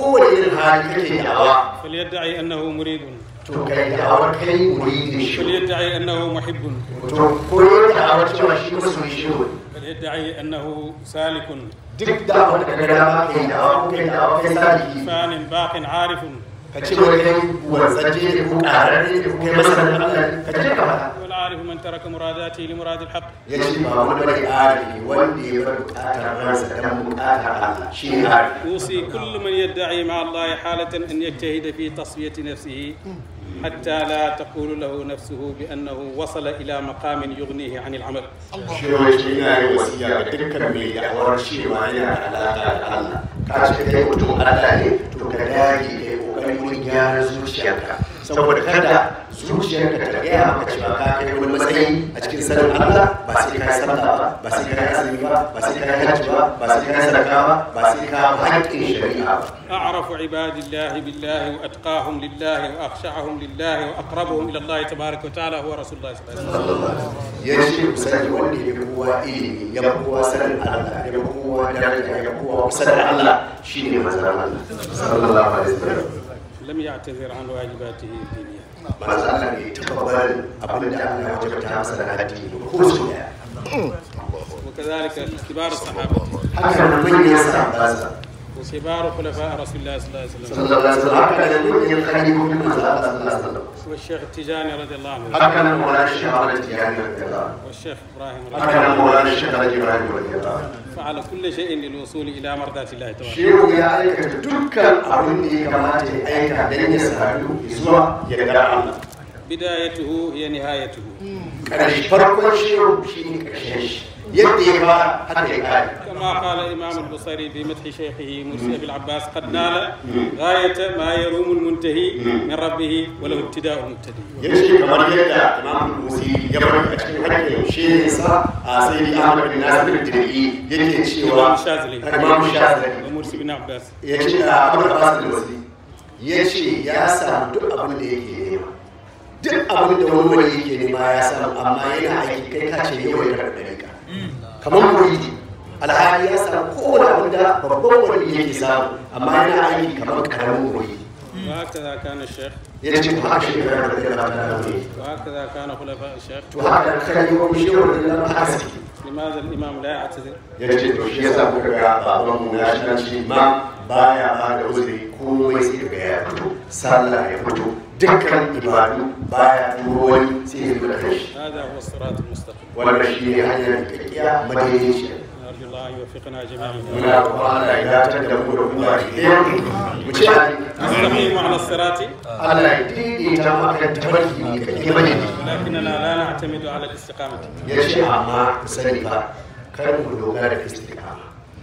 kowane irin hali kake da'awa falyadda'i annahu muridun to kai da'awar kai muridin shi falyadda'i annahu muhibbun to ko ya da'awar cewa shi masoyi shi ne falyadda'i annahu salikun duk da'awar da kaga dama kai da'awa ko kai da'awa kai saliki fanin baqin arifun ka ce wai kai wanzaje ne ko kararre ne ko kai masanin Allah ka je ka fada أعرف من ترك مراداته لمراد الحق يجب أن نبري عارفي ولدي كل من يدعي مع الله حالة أن يجتهد في تصفية نفسه حتى لا تقول له نفسه بأنه وصل إلى مقام يغنيه عن العمل الله أعرف عباد الله بالله وأتقاهم لله وأخشعهم لله وأقربهم إلى الله تبارك وتعالى هو رسول الله صلى الله عليه وسلم. يجب سند ولي إلي يبقوا سند الله يبقوا درجة يبقوا سند الله شيني مثلا الله صلى الله عليه وسلم. لم يعتذر عن واجباته الدينية نعم. وكذلك اختبار الصحابة وكبار خلفاء رسول الله صلى الله عليه وسلم صلى الله عليه وسلم والشيخ التجاني رضي الله عنه حتى مولانا الشيخ التجاني رضي الله عنه والشيخ ابراهيم حتى مولانا الشيخ الجبراني رضي الله عنه فعل كل شيء للوصول الى مرضاة الله تبارك شيخ يا ايك دكان ابن كما تي ايك دني سادو يزوا يدا بدايته هي نهايته كرش فرقه شيخ شيء كرش يديها حتى يكاد كما قال الإمام البصري في مدح شيخه مرسي أبي العباس قد نال غاية ما يروم المنتهي من ربه وله ابتداء مبتدئ يمشي كما يدعى الإمام البوسي يبرم أشكي حتى يمشي آه، سيدي أحمد بن ناصر الجريئي يجي شيوا الإمام الشاذلي الإمام الشاذلي ومرسي بن عباس يجي أبو آه، العباس الوزي يجي يا سام دو أبو الإيكي duk abin da wani wani yake nema ya samu amma yana aiki kai ka ce yau ya karɓi kamar muridi alhali ya samu kowane abin da babban wani yake samu amma yana aiki kamar karamin muridi وهكذا كان الشيخ يجب هكذا وهكذا كان خلفاء الشيخ وهكذا خليفه مشير لماذا الامام لا يعتذر؟ يجب شيء يسبب بعضهم مناشنا شيء ما بايع هذا عذري كل ما يصير صلى يفتو دكان إبادو بايا مروي سيد بلخش هذا هو الصراط المستقيم والبشير هنا الكتيا مديش الله يوفقنا جميعا من القرآن نستقيم على الصراط الله لا نعتمد على الاستقامة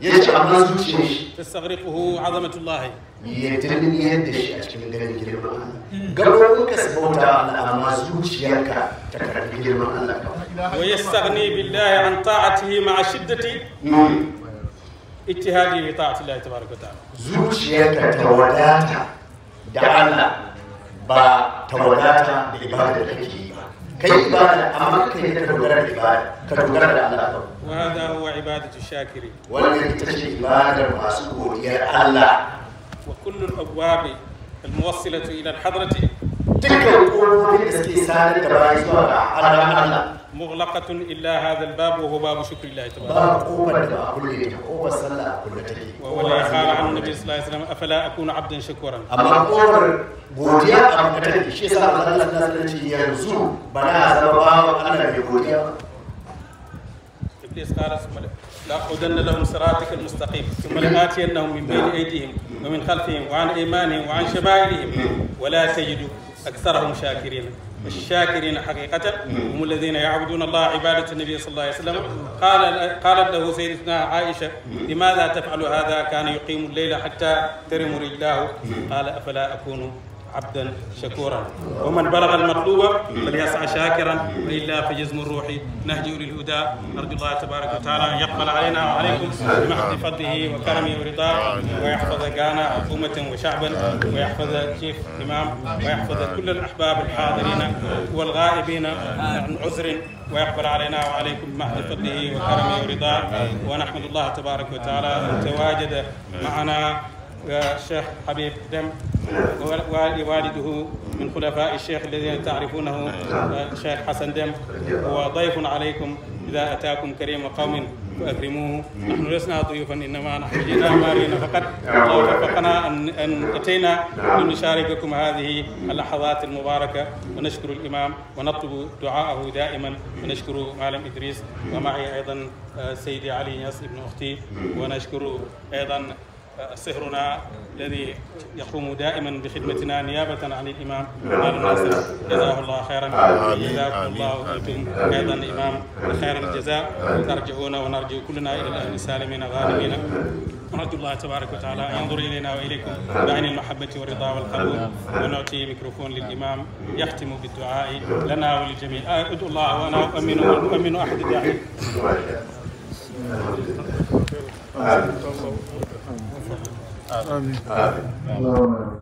يعني يجي أبلان تستغرقه عظمة الله يتلم يدش أتكلم لنا كلمة الله قبل أن كسبوت على أما زوجيك تكرر كلمة الله ويستغني بالله عن طاعته مع شدة اتهاده بطاعة الله تبارك وتعالى زوجيك توداتا دعنا با توداتا بإبادة الحكيمة كيف إبادة أما كيف بإبادة الإبادة كدور الله wa hadha huwa ibadatu shakiri wannan ita ce ibadar masu godiyar Allah wa kullu al-abwab al-muwassilatu hadrati dukkan kofofin da da bayi zuwa ga halalan Allah mughlaqatun illa hadha al-bab babu shukrillahi tabaraka babu kofar da ba kulle ta kofar sallah kulle take wa wala qala an nabi sallallahu alaihi wasallam afala akunu abdan shakuran amma kofar godiya shi yanzu bana zama bawan Allah mai godiya إبليس قال لاقودن لهم صراطك المستقيم ثم لآتينهم من بين أيديهم ومن خلفهم وعن أيمانهم وعن شمائلهم ولا تجد أكثرهم شاكرين الشاكرين حقيقة هم الذين يعبدون الله عبادة النبي صلى الله عليه وسلم قال قالت له سيدتنا عائشة لماذا تفعل هذا كان يقيم الليل حتى ترم رجلاه قال أفلا أكون عبدا شكورا ومن بلغ المطلوب فليسعى شاكرا والا فجزم الروح نهجي للهدى نرجو الله تبارك وتعالى ان يقبل علينا وعليكم بمحض فضله وكرمه ورضاه ويحفظ غانا حكومه وشعبا ويحفظ الشيخ الامام ويحفظ كل الاحباب الحاضرين والغائبين عن عذر ويقبل علينا وعليكم بمحض فضله وكرمه ورضاه ونحمد الله تبارك وتعالى ان تواجد معنا الشيخ حبيب دم ووالده من خلفاء الشيخ الذين تعرفونه الشيخ حسن دم هو ضيف عليكم إذا أتاكم كريم قوم فأكرموه نحن لسنا ضيوفا إنما نحن جئنا مارين فقط الله وفقنا أن أن أتينا لنشارككم هذه اللحظات المباركة ونشكر الإمام ونطلب دعاءه دائما ونشكر معلم إدريس ومعي أيضا آه، سيدي علي ياس ابن أختي ونشكر أيضا سهرنا الذي يقوم دائما بخدمتنا نيابة عن الإمام مال الناصر جزاه الله خيرا جزاكم الله أنتم أيضا الإمام خير الجزاء ترجعون ونرجو كلنا إلى الأهل سالمين غانمين نرجو الله تبارك وتعالى أن ينظر إلينا وإليكم بعين المحبة والرضا والقبول ونعطي ميكروفون للإمام يختم بالدعاء لنا وللجميع آه، أدعو الله وأنا أؤمن أؤمن أحد الداعين. Àmín. Àmín.